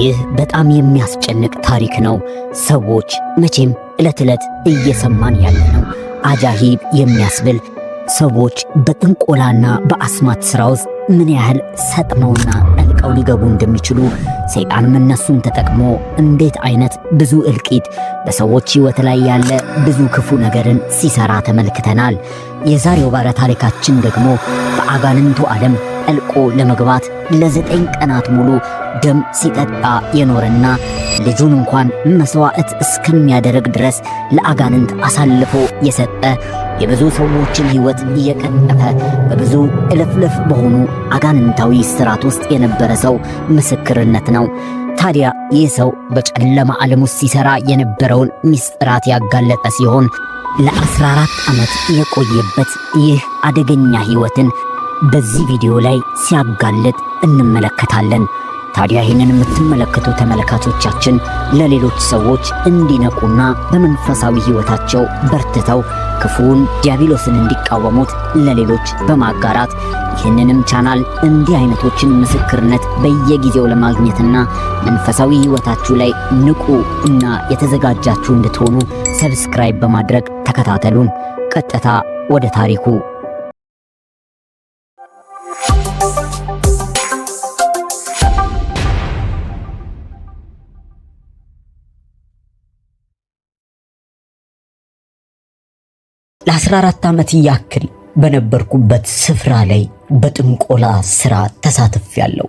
ይህ በጣም የሚያስጨንቅ ታሪክ ነው። ሰዎች መቼም ዕለት ዕለት እየሰማን ያለ ነው። አጃሂብ የሚያስብል ሰዎች በጥንቆላና በአስማት ሥራ ውስጥ ምን ያህል ሰጥመውና ጠልቀው ሊገቡ እንደሚችሉ ሰይጣንም እነሱን ተጠቅሞ እንዴት አይነት ብዙ እልቂት በሰዎች ሕይወት ላይ ያለ ብዙ ክፉ ነገርን ሲሰራ ተመልክተናል። የዛሬው ባለ ታሪካችን ደግሞ በአጋንንቱ ዓለም ጠልቆ ለመግባት ለዘጠኝ ቀናት ሙሉ ደም ሲጠጣ የኖረና ልጁን እንኳን መስዋዕት እስከሚያደርግ ድረስ ለአጋንንት አሳልፎ የሰጠ የብዙ ሰዎችን ሕይወት እየቀጠፈ በብዙ እልፍልፍ በሆኑ አጋንንታዊ ስራት ውስጥ የነበረ ሰው ምስክርነት ነው። ታዲያ ይህ ሰው በጨለማ ዓለም ውስጥ ሲሰራ የነበረውን ምስጢራት ያጋለጠ ሲሆን ለ14 ዓመት የቆየበት ይህ አደገኛ ሕይወትን በዚህ ቪዲዮ ላይ ሲያጋልጥ እንመለከታለን። ታዲያ ይህንን የምትመለከቱ ተመልካቾቻችን ለሌሎች ሰዎች እንዲነቁና በመንፈሳዊ ሕይወታቸው በርትተው ክፉውን ዲያብሎስን እንዲቃወሙት ለሌሎች በማጋራት ይህንንም ቻናል እንዲህ አይነቶችን ምስክርነት በየጊዜው ለማግኘትና መንፈሳዊ ሕይወታችሁ ላይ ንቁ እና የተዘጋጃችሁ እንድትሆኑ ሰብስክራይብ በማድረግ ተከታተሉን። ቀጥታ ወደ ታሪኩ ለ14 ዓመት ያክል በነበርኩበት ስፍራ ላይ በጥንቆላ ስራ ተሳትፍ ያለው።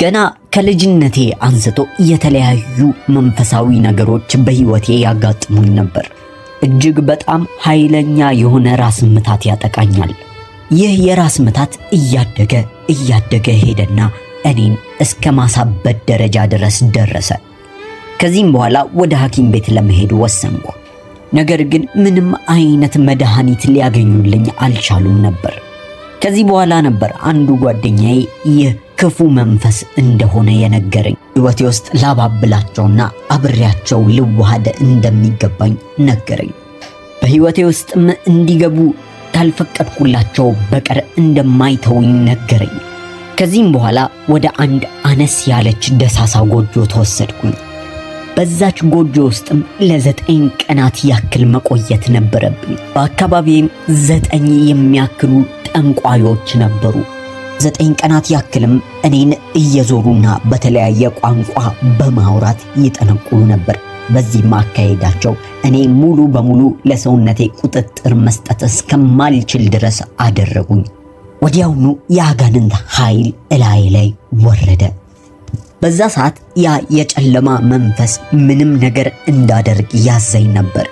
ገና ከልጅነቴ አንስቶ የተለያዩ መንፈሳዊ ነገሮች በህይወቴ ያጋጥሙኝ ነበር። እጅግ በጣም ኃይለኛ የሆነ ራስ ምታት ያጠቃኛል። ይህ የራስ ምታት እያደገ እያደገ ሄደና እኔን እስከ ማሳበድ ደረጃ ድረስ ደረሰ። ከዚህም በኋላ ወደ ሐኪም ቤት ለመሄድ ወሰንኩ። ነገር ግን ምንም አይነት መድኃኒት ሊያገኙልኝ አልቻሉም ነበር። ከዚህ በኋላ ነበር አንዱ ጓደኛዬ ይህ ክፉ መንፈስ እንደሆነ የነገረኝ። ሕይወቴ ውስጥ ላባብላቸውና አብሬያቸው ልዋሃደ እንደሚገባኝ ነገረኝ። በሕይወቴ ውስጥም እንዲገቡ ካልፈቀድኩላቸው በቀር እንደማይተውኝ ነገረኝ። ከዚህም በኋላ ወደ አንድ አነስ ያለች ደሳሳ ጎጆ ተወሰድኩኝ። በዛች ጎጆ ውስጥም ለዘጠኝ ቀናት ያክል መቆየት ነበረብኝ። በአካባቢም ዘጠኝ የሚያክሉ ጠንቋዮች ነበሩ። ዘጠኝ ቀናት ያክልም እኔን እየዞሩና በተለያየ ቋንቋ በማውራት ይጠነቁሉ ነበር። በዚህም አካሄዳቸው እኔ ሙሉ በሙሉ ለሰውነቴ ቁጥጥር መስጠት እስከማልችል ድረስ አደረጉኝ። ወዲያውኑ የአጋንንት ኃይል እላይ ላይ ወረደ። በዛ ሰዓት ያ የጨለማ መንፈስ ምንም ነገር እንዳደርግ ያዘኝ ነበር።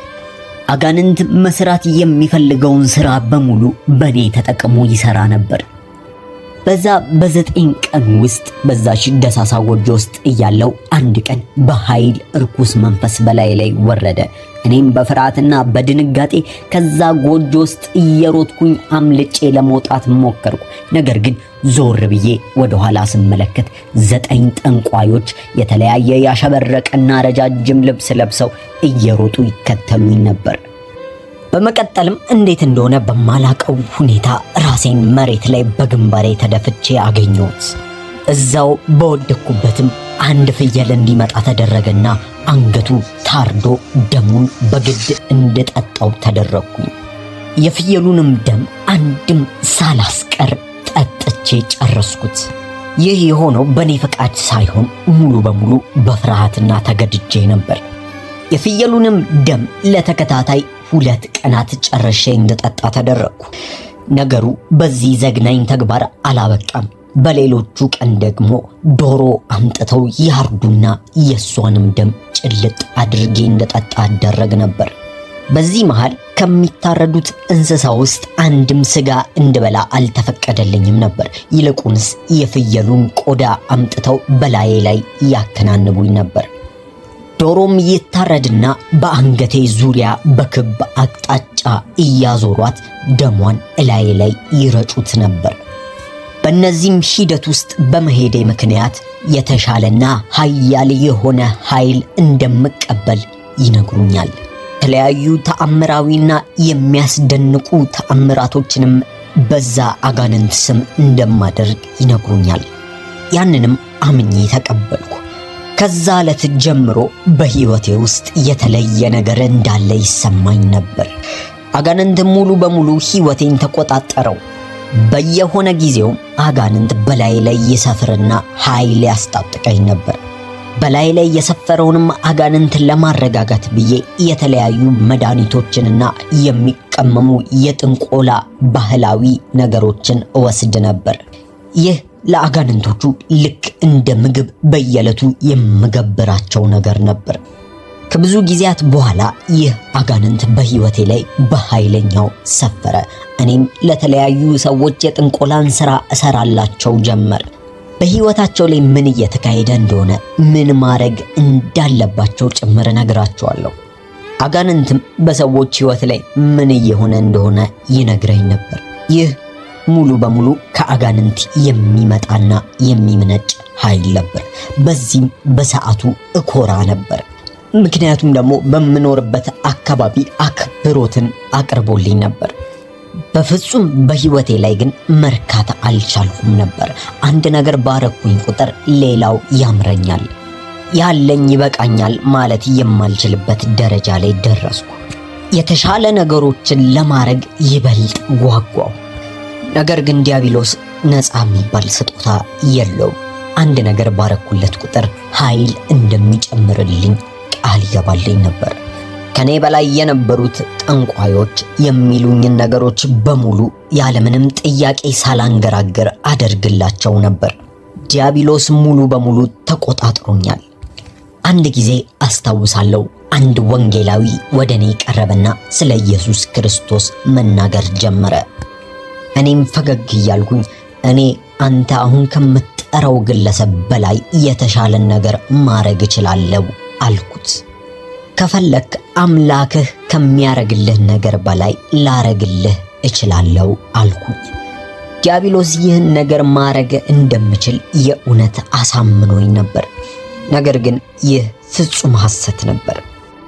አጋንንት መስራት የሚፈልገውን ስራ በሙሉ በእኔ ተጠቅሞ ይሰራ ነበር። በዛ በዘጠኝ ቀን ውስጥ በዛች ደሳሳ ጎጆ ውስጥ እያለው አንድ ቀን በኃይል እርኩስ መንፈስ በላይ ላይ ወረደ። እኔም በፍርሃትና በድንጋጤ ከዛ ጎጆ ውስጥ እየሮጥኩኝ አምልጬ ለመውጣት ሞከርኩ። ነገር ግን ዞር ብዬ ወደ ኋላ ስመለከት ዘጠኝ ጠንቋዮች የተለያየ ያሸበረቀና ረጃጅም ልብስ ለብሰው እየሮጡ ይከተሉኝ ነበር። በመቀጠልም እንዴት እንደሆነ በማላቀው ሁኔታ ራሴን መሬት ላይ በግንባሬ ተደፍቼ አገኘሁት። እዛው በወደኩበትም አንድ ፍየል እንዲመጣ ተደረገና አንገቱ ታርዶ ደሙን በግድ እንድጠጣው ተደረግኩኝ። የፍየሉንም ደም አንድም ሳላስቀር ጠጥቼ ጨረስኩት። ይህ የሆነው በእኔ ፈቃድ ሳይሆን ሙሉ በሙሉ በፍርሃትና ተገድጄ ነበር። የፍየሉንም ደም ለተከታታይ ሁለት ቀናት ጨርሼ እንድጠጣ ተደረግኩ። ነገሩ በዚህ ዘግናኝ ተግባር አላበቃም። በሌሎቹ ቀን ደግሞ ዶሮ አምጥተው ያርዱና የእሷንም ደም ጭልጥ አድርጌ እንደጠጣ አደረግ ነበር። በዚህ መሃል ከሚታረዱት እንስሳ ውስጥ አንድም ስጋ እንድበላ አልተፈቀደልኝም ነበር። ይልቁንስ የፍየሉን ቆዳ አምጥተው በላዬ ላይ ያከናንቡኝ ነበር። ዶሮም ይታረድና በአንገቴ ዙሪያ በክብ አቅጣጫ እያዞሯት ደሟን እላዬ ላይ ይረጩት ነበር። በእነዚህም ሂደት ውስጥ በመሄዴ ምክንያት የተሻለና ኃያል የሆነ ኃይል እንደምቀበል ይነግሩኛል። የተለያዩ ተአምራዊና የሚያስደንቁ ተአምራቶችንም በዛ አጋንንት ስም እንደማደርግ ይነግሩኛል። ያንንም አምኜ ተቀበልኩ። ከዛ ዕለት ጀምሮ በሕይወቴ ውስጥ የተለየ ነገር እንዳለ ይሰማኝ ነበር። አጋንንት ሙሉ በሙሉ ሕይወቴን ተቆጣጠረው። በየሆነ ጊዜውም አጋንንት በላይ ላይ የሰፍርና ኃይል ያስጣጥቀኝ ነበር። በላይ ላይ የሰፈረውንም አጋንንት ለማረጋጋት ብዬ የተለያዩ መድኃኒቶችንና የሚቀመሙ የጥንቆላ ባህላዊ ነገሮችን እወስድ ነበር። ይህ ለአጋንንቶቹ ልክ እንደ ምግብ በየዕለቱ የምገብራቸው ነገር ነበር። ከብዙ ጊዜያት በኋላ ይህ አጋንንት በህይወቴ ላይ በኃይለኛው ሰፈረ። እኔም ለተለያዩ ሰዎች የጥንቆላን ሥራ እሰራላቸው ጀመር። በህይወታቸው ላይ ምን እየተካሄደ እንደሆነ፣ ምን ማድረግ እንዳለባቸው ጭምር እነግራቸዋለሁ። አጋንንትም በሰዎች ህይወት ላይ ምን እየሆነ እንደሆነ ይነግረኝ ነበር። ይህ ሙሉ በሙሉ ከአጋንንት የሚመጣና የሚመነጭ ኃይል ነበር። በዚህም በሰዓቱ እኮራ ነበር። ምክንያቱም ደግሞ በምኖርበት አካባቢ አክብሮትን አቅርቦልኝ ነበር። በፍጹም በህይወቴ ላይ ግን መርካት አልቻልኩም ነበር። አንድ ነገር ባረኩኝ ቁጥር ሌላው ያምረኛል፣ ያለኝ ይበቃኛል ማለት የማልችልበት ደረጃ ላይ ደረስኩ። የተሻለ ነገሮችን ለማድረግ ይበልጥ ጓጓው። ነገር ግን ዲያብሎስ ነፃ የሚባል ስጦታ የለው አንድ ነገር ባረኩለት ቁጥር ኃይል እንደሚጨምርልኝ ቃል ይገባልኝ ነበር። ከኔ በላይ የነበሩት ጠንቋዮች የሚሉኝን ነገሮች በሙሉ ያለምንም ጥያቄ ሳላንገራገር አደርግላቸው ነበር። ዲያብሎስ ሙሉ በሙሉ ተቆጣጥሮኛል። አንድ ጊዜ አስታውሳለሁ፣ አንድ ወንጌላዊ ወደ እኔ ቀረበና ስለ ኢየሱስ ክርስቶስ መናገር ጀመረ። እኔም ፈገግ እያልኩኝ እኔ አንተ አሁን ከምትጠራው ግለሰብ በላይ የተሻለን ነገር ማረግ እችላለሁ አልኩት። ከፈለክ አምላክህ ከሚያረግልህ ነገር በላይ ላረግልህ እችላለሁ አልኩኝ። ዲያብሎስ ይህን ነገር ማረግ እንደምችል የእውነት አሳምኖኝ ነበር። ነገር ግን ይህ ፍጹም ሐሰት ነበር።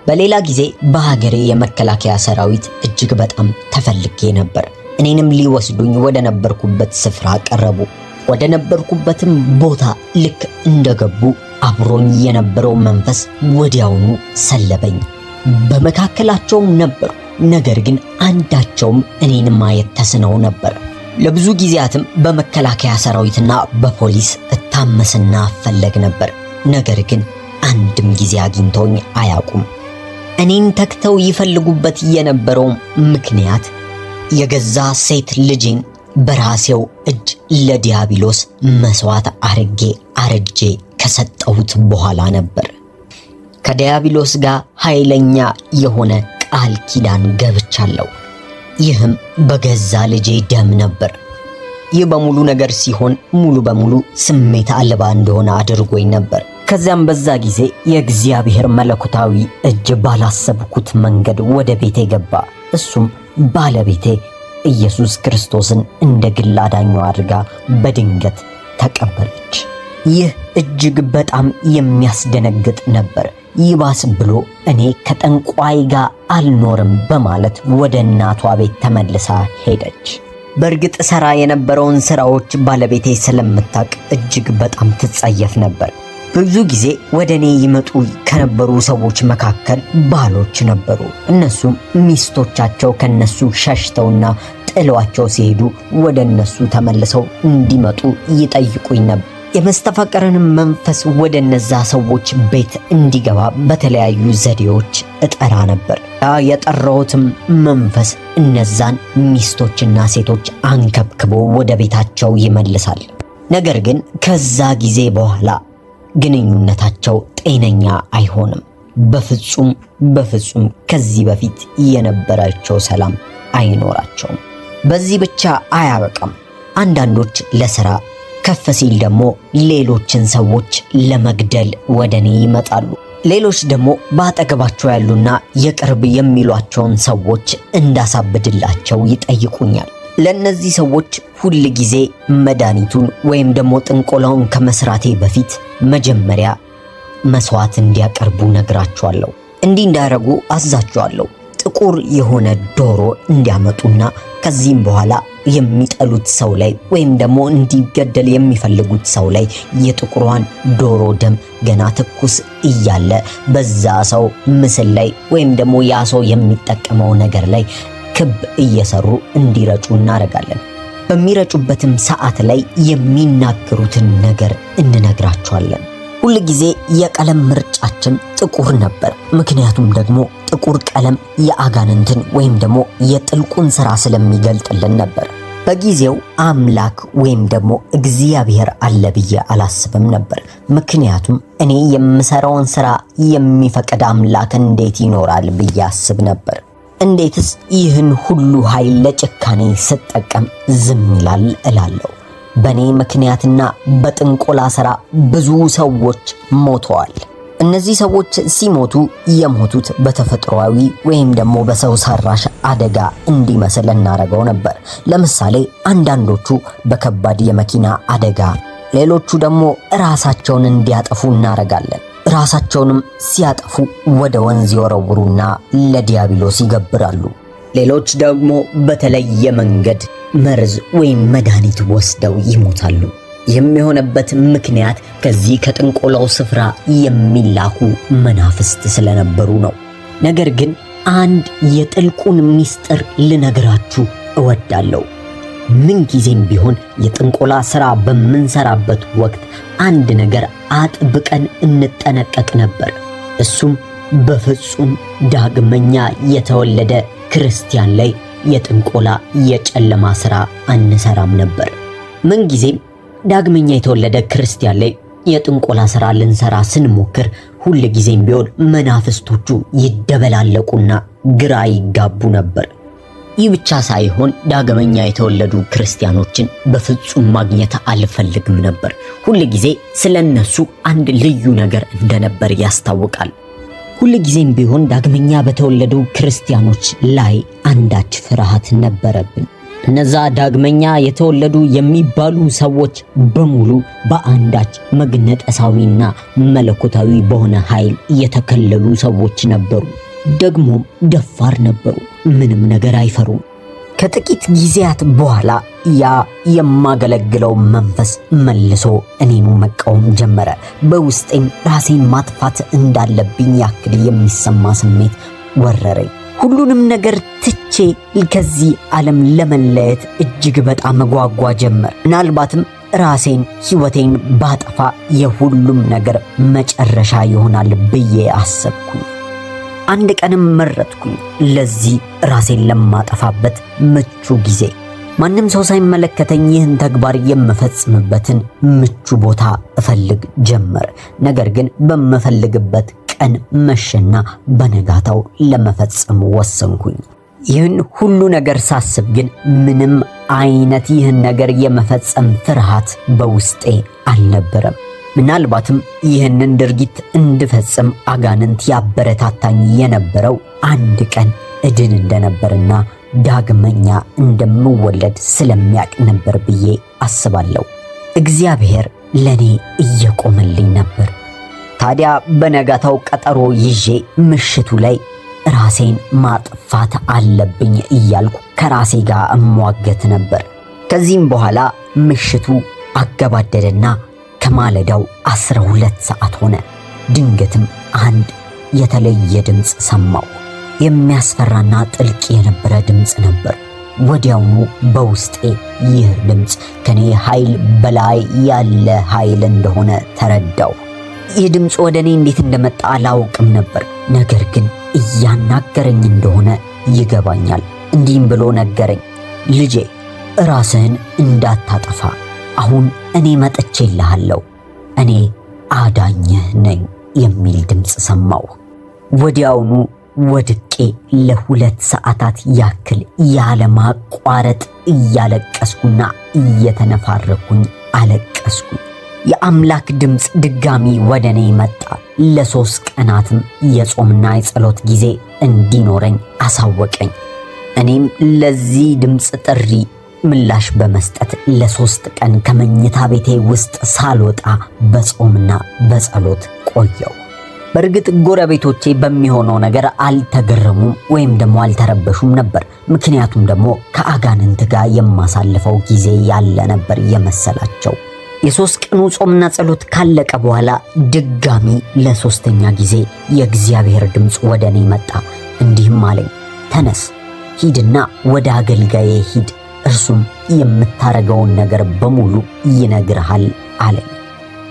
በሌላ ጊዜ በሀገሬ የመከላከያ ሰራዊት እጅግ በጣም ተፈልጌ ነበር። እኔንም ሊወስዱኝ ወደ ነበርኩበት ስፍራ ቀረቡ። ወደ ነበርኩበትም ቦታ ልክ እንደገቡ አብሮኝ የነበረው መንፈስ ወዲያውኑ ሰለበኝ። በመካከላቸውም ነበር፣ ነገር ግን አንዳቸውም እኔን ማየት ተስነው ነበር። ለብዙ ጊዜያትም በመከላከያ ሰራዊትና በፖሊስ እታመስና ፈለግ ነበር፣ ነገር ግን አንድም ጊዜ አግኝተውኝ አያውቁም። እኔን ተክተው ይፈልጉበት የነበረውም ምክንያት የገዛ ሴት ልጄን በራሴው እጅ ለዲያብሎስ መስዋዕት አርጌ አርጄ ከሰጠሁት በኋላ ነበር ከዲያብሎስ ጋር ኃይለኛ የሆነ ቃል ኪዳን ገብቻለሁ። ይህም በገዛ ልጄ ደም ነበር። ይህ በሙሉ ነገር ሲሆን ሙሉ በሙሉ ስሜት አልባ እንደሆነ አድርጎኝ ነበር። ከዚያም በዛ ጊዜ የእግዚአብሔር መለኮታዊ እጅ ባላሰብኩት መንገድ ወደ ቤቴ ገባ። እሱም ባለቤቴ ኢየሱስ ክርስቶስን እንደ ግል አዳኙ አድርጋ በድንገት ተቀበለች። ይህ እጅግ በጣም የሚያስደነግጥ ነበር። ይባስ ብሎ እኔ ከጠንቋይ ጋር አልኖርም በማለት ወደ እናቷ ቤት ተመልሳ ሄደች። በእርግጥ ሠራ የነበረውን ሥራዎች ባለቤቴ ስለምታውቅ እጅግ በጣም ትጸየፍ ነበር። ብዙ ጊዜ ወደ እኔ ይመጡ ከነበሩ ሰዎች መካከል ባሎች ነበሩ። እነሱም ሚስቶቻቸው ከነሱ ሸሽተውና ጥለዋቸው ሲሄዱ ወደ እነሱ ተመልሰው እንዲመጡ ይጠይቁኝ ነበር። የመስተፋቀርንም መንፈስ ወደ እነዛ ሰዎች ቤት እንዲገባ በተለያዩ ዘዴዎች እጠራ ነበር። ያ የጠራሁትም መንፈስ እነዛን ሚስቶችና ሴቶች አንከብክቦ ወደ ቤታቸው ይመልሳል። ነገር ግን ከዛ ጊዜ በኋላ ግንኙነታቸው ጤነኛ አይሆንም። በፍጹም በፍጹም ከዚህ በፊት የነበራቸው ሰላም አይኖራቸውም። በዚህ ብቻ አያበቃም። አንዳንዶች ለስራ ከፍ ሲል ደግሞ ሌሎችን ሰዎች ለመግደል ወደ እኔ ይመጣሉ። ሌሎች ደግሞ በአጠገባቸው ያሉና የቅርብ የሚሏቸውን ሰዎች እንዳሳብድላቸው ይጠይቁኛል። ለእነዚህ ሰዎች ሁል ጊዜ መድኃኒቱን ወይም ደግሞ ጥንቆላውን ከመስራቴ በፊት መጀመሪያ መስዋዕት እንዲያቀርቡ ነግራቸዋለሁ። እንዲህ እንዳያደረጉ አዛቸዋለሁ። ጥቁር የሆነ ዶሮ እንዲያመጡና ከዚህም በኋላ የሚጠሉት ሰው ላይ ወይም ደግሞ እንዲገደል የሚፈልጉት ሰው ላይ የጥቁሯን ዶሮ ደም ገና ትኩስ እያለ በዛ ሰው ምስል ላይ ወይም ደግሞ ያ ሰው የሚጠቀመው ነገር ላይ ክብ እየሰሩ እንዲረጩ እናደርጋለን። በሚረጩበትም ሰዓት ላይ የሚናገሩትን ነገር እንነግራቸዋለን። ሁል ጊዜ የቀለም ምርጫችን ጥቁር ነበር። ምክንያቱም ደግሞ ጥቁር ቀለም የአጋንንትን ወይም ደግሞ የጥልቁን ስራ ስለሚገልጥልን ነበር። በጊዜው አምላክ ወይም ደግሞ እግዚአብሔር አለ ብዬ አላስብም ነበር። ምክንያቱም እኔ የምሰራውን ስራ የሚፈቅድ አምላክ እንዴት ይኖራል ብዬ አስብ ነበር። እንዴትስ ይህን ሁሉ ኃይል ለጭካኔ ስጠቀም ዝም ይላል እላለሁ። በእኔ ምክንያትና በጥንቆላ ሥራ ብዙ ሰዎች ሞተዋል። እነዚህ ሰዎች ሲሞቱ የሞቱት በተፈጥሯዊ ወይም ደግሞ በሰው ሰራሽ አደጋ እንዲመስል እናደርገው ነበር። ለምሳሌ አንዳንዶቹ በከባድ የመኪና አደጋ፣ ሌሎቹ ደግሞ ራሳቸውን እንዲያጠፉ እናደርጋለን። ራሳቸውንም ሲያጠፉ ወደ ወንዝ ይወረውሩና ለዲያብሎስ ይገብራሉ። ሌሎች ደግሞ በተለየ መንገድ መርዝ ወይም መድኃኒት ወስደው ይሞታሉ። ይህም የሆነበት ምክንያት ከዚህ ከጥንቆላው ስፍራ የሚላኩ መናፍስት ስለነበሩ ነው። ነገር ግን አንድ የጥልቁን ምስጢር ልነግራችሁ እወዳለሁ። ምን ጊዜም ቢሆን የጥንቆላ ሥራ በምንሰራበት ወቅት አንድ ነገር አጥብቀን እንጠነቀቅ ነበር። እሱም በፍጹም ዳግመኛ የተወለደ ክርስቲያን ላይ የጥንቆላ የጨለማ ሥራ አንሰራም ነበር። ምን ጊዜም ዳግመኛ የተወለደ ክርስቲያን ላይ የጥንቆላ ሥራ ልንሰራ ስንሞክር ሁል ጊዜም ቢሆን መናፍስቶቹ ይደበላለቁና ግራ ይጋቡ ነበር። ይህ ብቻ ሳይሆን ዳግመኛ የተወለዱ ክርስቲያኖችን በፍጹም ማግኘት አልፈልግም ነበር። ሁል ጊዜ ስለ እነሱ አንድ ልዩ ነገር እንደነበር ያስታውቃል። ሁል ጊዜም ቢሆን ዳግመኛ በተወለዱ ክርስቲያኖች ላይ አንዳች ፍርሃት ነበረብን። እነዛ ዳግመኛ የተወለዱ የሚባሉ ሰዎች በሙሉ በአንዳች መግነጠሳዊና መለኮታዊ በሆነ ኃይል የተከለሉ ሰዎች ነበሩ። ደግሞም ደፋር ነበሩ። ምንም ነገር አይፈሩም። ከጥቂት ጊዜያት በኋላ ያ የማገለግለው መንፈስ መልሶ እኔኑ መቃወም ጀመረ። በውስጤም ራሴን ማጥፋት እንዳለብኝ ያክል የሚሰማ ስሜት ወረረኝ። ሁሉንም ነገር ትቼ ከዚህ ዓለም ለመለየት እጅግ በጣም መጓጓ ጀመር። ምናልባትም ራሴን ሕይወቴን ባጠፋ የሁሉም ነገር መጨረሻ ይሆናል ብዬ አሰብኩኝ። አንድ ቀንም መረጥኩኝ ለዚህ ራሴን ለማጠፋበት ምቹ ጊዜ ማንም ሰው ሳይመለከተኝ ይህን ተግባር የምፈጽምበትን ምቹ ቦታ እፈልግ ጀመር። ነገር ግን በምፈልግበት ቀን መሸና በነጋታው ለመፈጸም ወሰንኩኝ። ይህን ሁሉ ነገር ሳስብ ግን ምንም አይነት ይህን ነገር የመፈጸም ፍርሃት በውስጤ አልነበረም። ምናልባትም ይህንን ድርጊት እንድፈጽም አጋንንት ያበረታታኝ የነበረው አንድ ቀን እድን እንደነበርና ዳግመኛ እንደምወለድ ስለሚያቅ ነበር ብዬ አስባለሁ። እግዚአብሔር ለእኔ እየቆመልኝ ነበር። ታዲያ በነጋታው ቀጠሮ ይዤ ምሽቱ ላይ ራሴን ማጥፋት አለብኝ እያልኩ ከራሴ ጋር እሟገት ነበር። ከዚህም በኋላ ምሽቱ አገባደደና ከማለዳው አስራ ሁለት ሰዓት ሆነ። ድንገትም አንድ የተለየ ድምፅ ሰማው የሚያስፈራና ጥልቅ የነበረ ድምፅ ነበር። ወዲያውኑ በውስጤ ይህ ድምፅ ከኔ ኃይል በላይ ያለ ኃይል እንደሆነ ተረዳው። ይህ ድምፅ ወደ እኔ እንዴት እንደመጣ አላውቅም ነበር፣ ነገር ግን እያናገረኝ እንደሆነ ይገባኛል። እንዲህም ብሎ ነገረኝ፣ ልጄ ራስህን እንዳታጠፋ አሁን እኔ መጥቼልሃለሁ፣ እኔ አዳኝህ ነኝ የሚል ድምፅ ሰማሁ። ወዲያውኑ ወድቄ ለሁለት ሰዓታት ያክል ያለማቋረጥ እያለቀስኩና እየተነፋረኩኝ አለቀስኩኝ። የአምላክ ድምፅ ድጋሚ ወደ እኔ መጣ። ለሶስት ቀናትም የጾምና የጸሎት ጊዜ እንዲኖረኝ አሳወቀኝ። እኔም ለዚህ ድምፅ ጥሪ ምላሽ በመስጠት ለሶስት ቀን ከመኝታ ቤቴ ውስጥ ሳልወጣ በጾምና በጸሎት ቆየው። በእርግጥ ጎረቤቶቼ በሚሆነው ነገር አልተገረሙም ወይም ደግሞ አልተረበሹም ነበር። ምክንያቱም ደግሞ ከአጋንንት ጋር የማሳልፈው ጊዜ ያለ ነበር የመሰላቸው። የሶስት ቀኑ ጾምና ጸሎት ካለቀ በኋላ ድጋሚ ለሶስተኛ ጊዜ የእግዚአብሔር ድምፅ ወደ እኔ መጣ። እንዲህም አለኝ፣ ተነስ ሂድና ወደ አገልጋዬ ሂድ እርሱም የምታደርገውን ነገር በሙሉ ይነግርሃል አለኝ።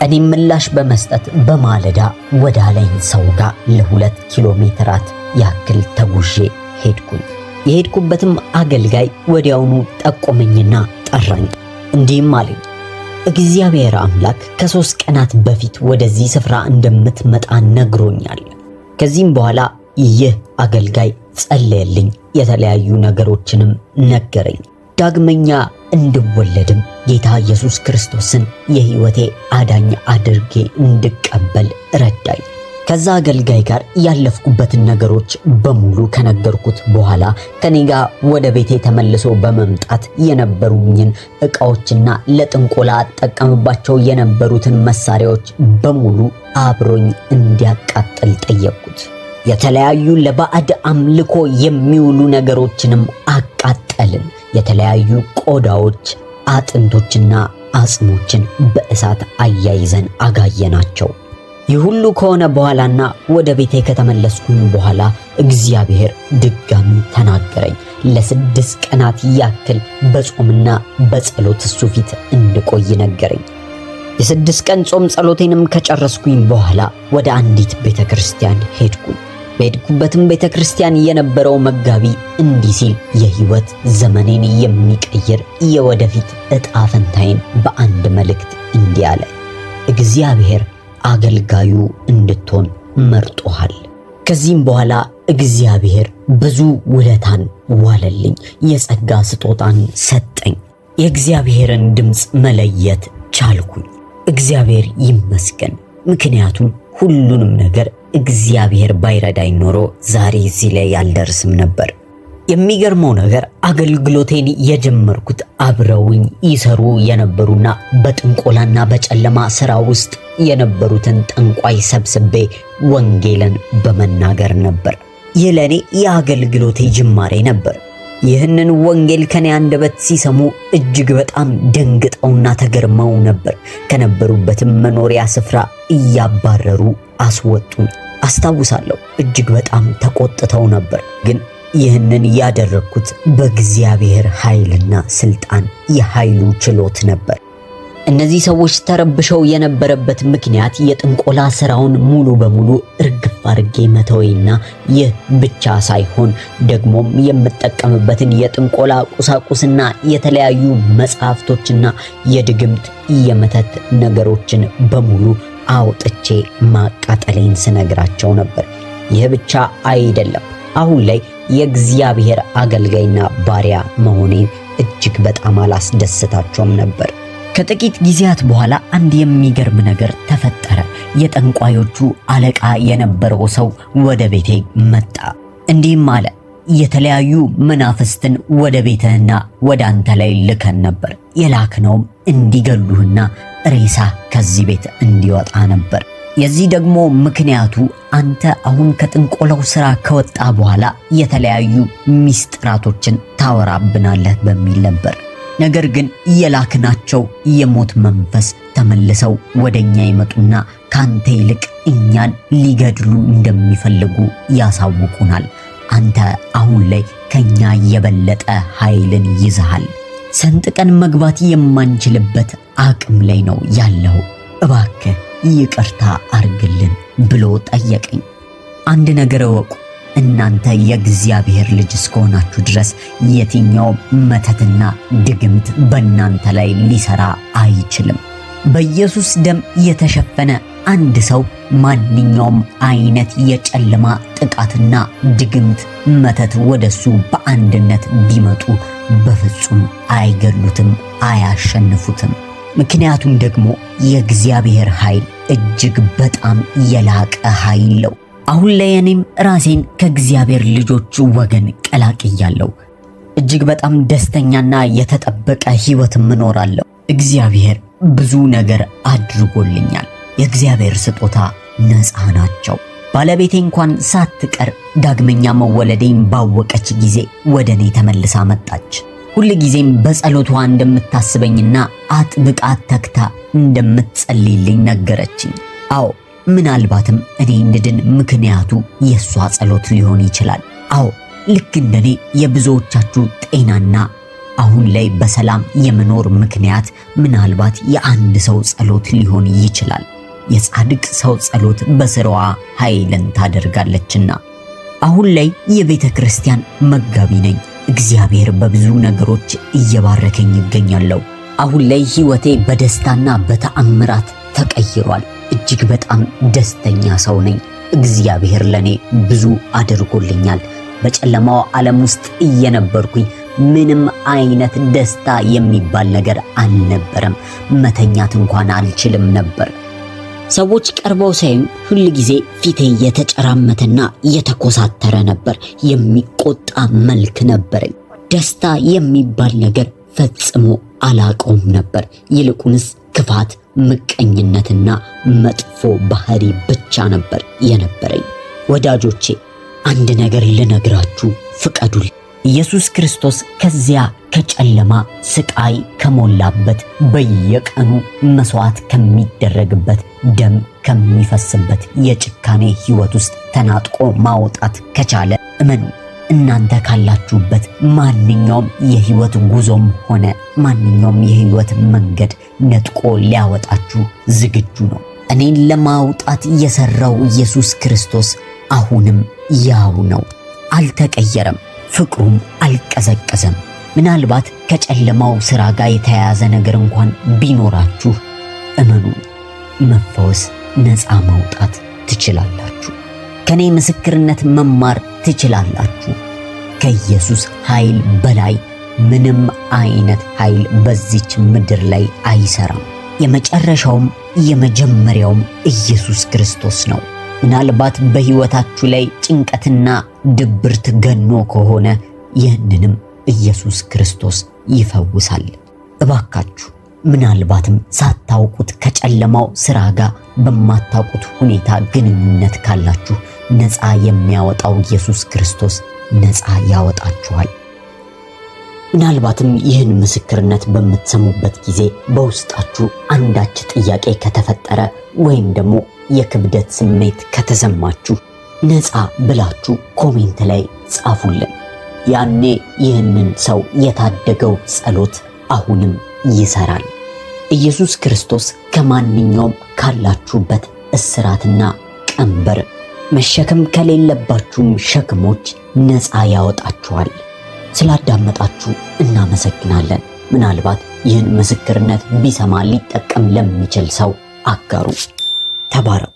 እኔም ምላሽ በመስጠት በማለዳ ወደ አለኝ ሰው ጋር ለሁለት ኪሎ ሜትራት ያክል ተጉዤ ሄድኩኝ። የሄድኩበትም አገልጋይ ወዲያውኑ ጠቆመኝና ጠራኝ። እንዲህም አለኝ እግዚአብሔር አምላክ ከሦስት ቀናት በፊት ወደዚህ ስፍራ እንደምትመጣ ነግሮኛል። ከዚህም በኋላ ይህ አገልጋይ ጸለየልኝ፣ የተለያዩ ነገሮችንም ነገረኝ። ዳግመኛ እንድወለድም ጌታ ኢየሱስ ክርስቶስን የሕይወቴ አዳኝ አድርጌ እንድቀበል ረዳኝ። ከዛ አገልጋይ ጋር ያለፍኩበትን ነገሮች በሙሉ ከነገርኩት በኋላ ከኔ ጋር ወደ ቤቴ ተመልሶ በመምጣት የነበሩኝን እቃዎችና ለጥንቆላ አጠቀምባቸው የነበሩትን መሳሪያዎች በሙሉ አብሮኝ እንዲያቃጥል ጠየቅኩት። የተለያዩ ለባዕድ አምልኮ የሚውሉ ነገሮችንም አቃጠልን። የተለያዩ ቆዳዎች፣ አጥንቶችና አጽሞችን በእሳት አያይዘን አጋየናቸው። ይህ ሁሉ ከሆነ በኋላና ወደ ቤቴ ከተመለስኩኝ በኋላ እግዚአብሔር ድጋሚ ተናገረኝ። ለስድስት ቀናት ያክል በጾምና በጸሎት እሱ ፊት እንቆይ ነገረኝ። የስድስት ቀን ጾም ጸሎቴንም ከጨረስኩኝ በኋላ ወደ አንዲት ቤተ ክርስቲያን ሄድኩኝ። በሄድኩበትም ቤተ ክርስቲያን የነበረው መጋቢ እንዲህ ሲል የህይወት ዘመኔን የሚቀይር የወደፊት እጣ ፈንታይን በአንድ መልእክት እንዲህ አለ። እግዚአብሔር አገልጋዩ እንድትሆን መርጦሃል። ከዚህም በኋላ እግዚአብሔር ብዙ ውለታን ዋለልኝ፣ የጸጋ ስጦታን ሰጠኝ። የእግዚአብሔርን ድምፅ መለየት ቻልኩኝ። እግዚአብሔር ይመስገን፣ ምክንያቱም ሁሉንም ነገር እግዚአብሔር ባይረዳኝ ኖሮ ዛሬ እዚህ ላይ አልደርስም ነበር። የሚገርመው ነገር አገልግሎቴን የጀመርኩት አብረውኝ ይሰሩ የነበሩና በጥንቆላና በጨለማ ስራ ውስጥ የነበሩትን ጠንቋይ ሰብስቤ ወንጌልን በመናገር ነበር። ይህ ለእኔ የአገልግሎቴ ጅማሬ ነበር። ይህንን ወንጌል ከኔ አንደበት ሲሰሙ እጅግ በጣም ደንግጠውና ተገርመው ነበር። ከነበሩበትም መኖሪያ ስፍራ እያባረሩ አስወጡኝ። አስታውሳለሁ። እጅግ በጣም ተቆጥተው ነበር። ግን ይህንን ያደረግኩት በእግዚአብሔር ኃይልና ስልጣን የኃይሉ ችሎት ነበር። እነዚህ ሰዎች ተረብሸው የነበረበት ምክንያት የጥንቆላ ስራውን ሙሉ በሙሉ እርግፍ አድርጌ መተወይና ይህ ብቻ ሳይሆን ደግሞም የምጠቀምበትን የጥንቆላ ቁሳቁስና የተለያዩ መጽሐፍቶችና የድግምት የመተት ነገሮችን በሙሉ አውጥቼ ማቃጠሌን ስነግራቸው ነበር። ይህ ብቻ አይደለም፣ አሁን ላይ የእግዚአብሔር አገልጋይና ባሪያ መሆኔን እጅግ በጣም አላስደስታቸውም ነበር። ከጥቂት ጊዜያት በኋላ አንድ የሚገርም ነገር ተፈጠረ። የጠንቋዮቹ አለቃ የነበረው ሰው ወደ ቤቴ መጣ። እንዲህም አለ፣ የተለያዩ መናፍስትን ወደ ቤትህና ወደ አንተ ላይ ልከን ነበር። የላክነውም እንዲገሉህና ሬሳ ከዚህ ቤት እንዲወጣ ነበር። የዚህ ደግሞ ምክንያቱ አንተ አሁን ከጥንቆላው ስራ ከወጣ በኋላ የተለያዩ ሚስጥራቶችን ታወራብናለህ በሚል ነበር። ነገር ግን የላክናቸው የሞት መንፈስ ተመልሰው ወደኛ ይመጡና ካንተ ይልቅ እኛን ሊገድሉ እንደሚፈልጉ ያሳውቁናል። አንተ አሁን ላይ ከኛ የበለጠ ኃይልን ይዝሃል። ሰንጥቀን መግባት የማንችልበት አቅም ላይ ነው ያለው፣ እባክህ ይቅርታ አርግልን ብሎ ጠየቀኝ። አንድ ነገር እወቁ፣ እናንተ የእግዚአብሔር ልጅ እስከሆናችሁ ድረስ የትኛውም መተትና ድግምት በእናንተ ላይ ሊሰራ አይችልም። በኢየሱስ ደም የተሸፈነ አንድ ሰው ማንኛውም አይነት የጨለማ ጥቃትና ድግምት መተት ወደሱ በአንድነት ቢመጡ በፍጹም አይገሉትም፣ አያሸንፉትም። ምክንያቱም ደግሞ የእግዚአብሔር ኃይል እጅግ በጣም የላቀ ኃይል ነው። አሁን ላይ እኔም ራሴን ከእግዚአብሔር ልጆች ወገን ቀላቅያለሁ። እጅግ በጣም ደስተኛና የተጠበቀ ሕይወትም እኖራለሁ። እግዚአብሔር ብዙ ነገር አድርጎልኛል። የእግዚአብሔር ስጦታ ነፃ ናቸው። ባለቤቴ እንኳን ሳትቀር ዳግመኛ መወለዴን ባወቀች ጊዜ ወደ እኔ ተመልሳ መጣች። ጊዜም በጸሎቷ እንደምታስበኝና አጥብቃት ተክታ እንደምትጸልይልኝ ነገረችኝ። አዎ ምናልባትም እኔ እንድድን ምክንያቱ የእሷ ጸሎት ሊሆን ይችላል። አዎ ልክ እንደኔ የብዙዎቻችሁ ጤናና አሁን ላይ በሰላም የመኖር ምክንያት ምናልባት የአንድ ሰው ጸሎት ሊሆን ይችላል። የጻድቅ ሰው ጸሎት በስራዋ ኃይልን ታደርጋለችና አሁን ላይ የቤተ ክርስቲያን መጋቢ ነኝ። እግዚአብሔር በብዙ ነገሮች እየባረከኝ ይገኛለሁ። አሁን ላይ ህይወቴ በደስታና በተአምራት ተቀይሯል። እጅግ በጣም ደስተኛ ሰው ነኝ። እግዚአብሔር ለኔ ብዙ አድርጎልኛል። በጨለማው ዓለም ውስጥ እየነበርኩኝ ምንም አይነት ደስታ የሚባል ነገር አልነበረም። መተኛት እንኳን አልችልም ነበር። ሰዎች ቀርበው ሳይም ሁል ጊዜ ፊቴ እየተጨራመተና እየተኮሳተረ ነበር። የሚቆጣ መልክ ነበረኝ። ደስታ የሚባል ነገር ፈጽሞ አላቀውም ነበር። ይልቁንስ ክፋት፣ ምቀኝነትና መጥፎ ባህሪ ብቻ ነበር የነበረኝ። ወዳጆቼ አንድ ነገር ልነግራችሁ ፍቀዱልኝ። ኢየሱስ ክርስቶስ ከዚያ ከጨለማ ስቃይ ከሞላበት በየቀኑ መስዋዕት ከሚደረግበት ደም ከሚፈስበት የጭካኔ ሕይወት ውስጥ ተናጥቆ ማውጣት ከቻለ እመኑ፣ እናንተ ካላችሁበት ማንኛውም የሕይወት ጉዞም ሆነ ማንኛውም የሕይወት መንገድ ነጥቆ ሊያወጣችሁ ዝግጁ ነው። እኔን ለማውጣት የሠራው ኢየሱስ ክርስቶስ አሁንም ያው ነው፣ አልተቀየረም። ፍቅሩም አልቀዘቀዘም። ምናልባት ከጨለማው ሥራ ጋር የተያያዘ ነገር እንኳን ቢኖራችሁ እመኑ፣ መፈወስ፣ ነፃ ማውጣት ትችላላችሁ። ከእኔ ምስክርነት መማር ትችላላችሁ። ከኢየሱስ ኃይል በላይ ምንም አይነት ኃይል በዚች ምድር ላይ አይሰራም። የመጨረሻውም የመጀመሪያውም ኢየሱስ ክርስቶስ ነው። ምናልባት በሕይወታችሁ ላይ ጭንቀትና ድብርት ገኖ ከሆነ ይህንንም ኢየሱስ ክርስቶስ ይፈውሳል። እባካችሁ ምናልባትም ሳታውቁት ከጨለማው ስራ ጋር በማታውቁት ሁኔታ ግንኙነት ካላችሁ ነፃ የሚያወጣው ኢየሱስ ክርስቶስ ነፃ ያወጣችኋል። ምናልባትም ይህን ምስክርነት በምትሰሙበት ጊዜ በውስጣችሁ አንዳች ጥያቄ ከተፈጠረ ወይም ደግሞ የክብደት ስሜት ከተሰማችሁ ነፃ ብላችሁ ኮሜንት ላይ ጻፉልን። ያኔ ይህንን ሰው የታደገው ጸሎት አሁንም ይሰራል። ኢየሱስ ክርስቶስ ከማንኛውም ካላችሁበት እስራትና ቀንበር መሸከም ከሌለባችሁም ሸክሞች ነፃ ያወጣችኋል። ስላዳመጣችሁ እናመሰግናለን። ምናልባት ይህን ምስክርነት ቢሰማ ሊጠቀም ለሚችል ሰው አጋሩ። ተባረኩ።